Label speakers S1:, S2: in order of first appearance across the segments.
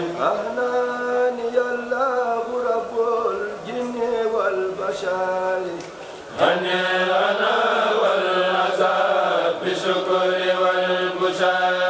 S1: أهلاني الله رب الجن والبشر هني أنا والعذاب بالشكر والبشر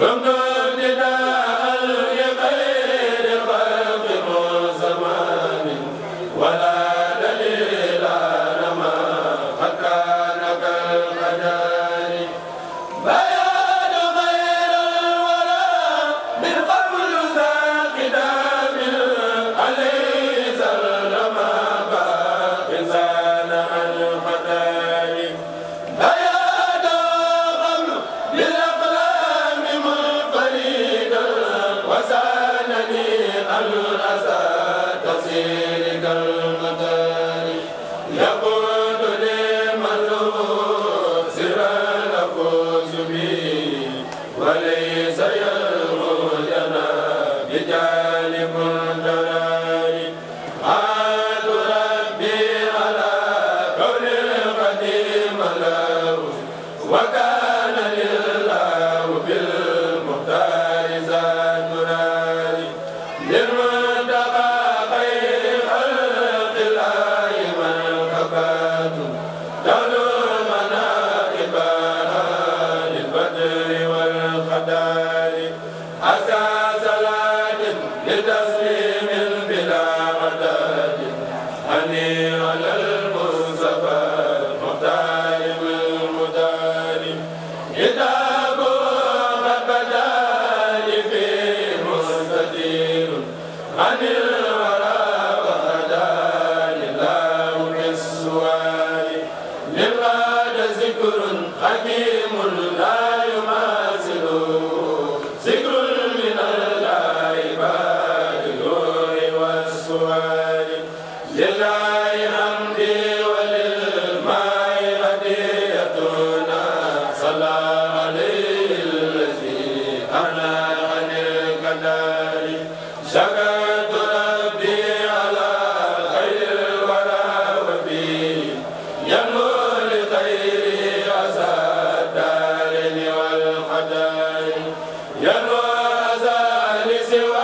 S1: Ramadan waga yéen se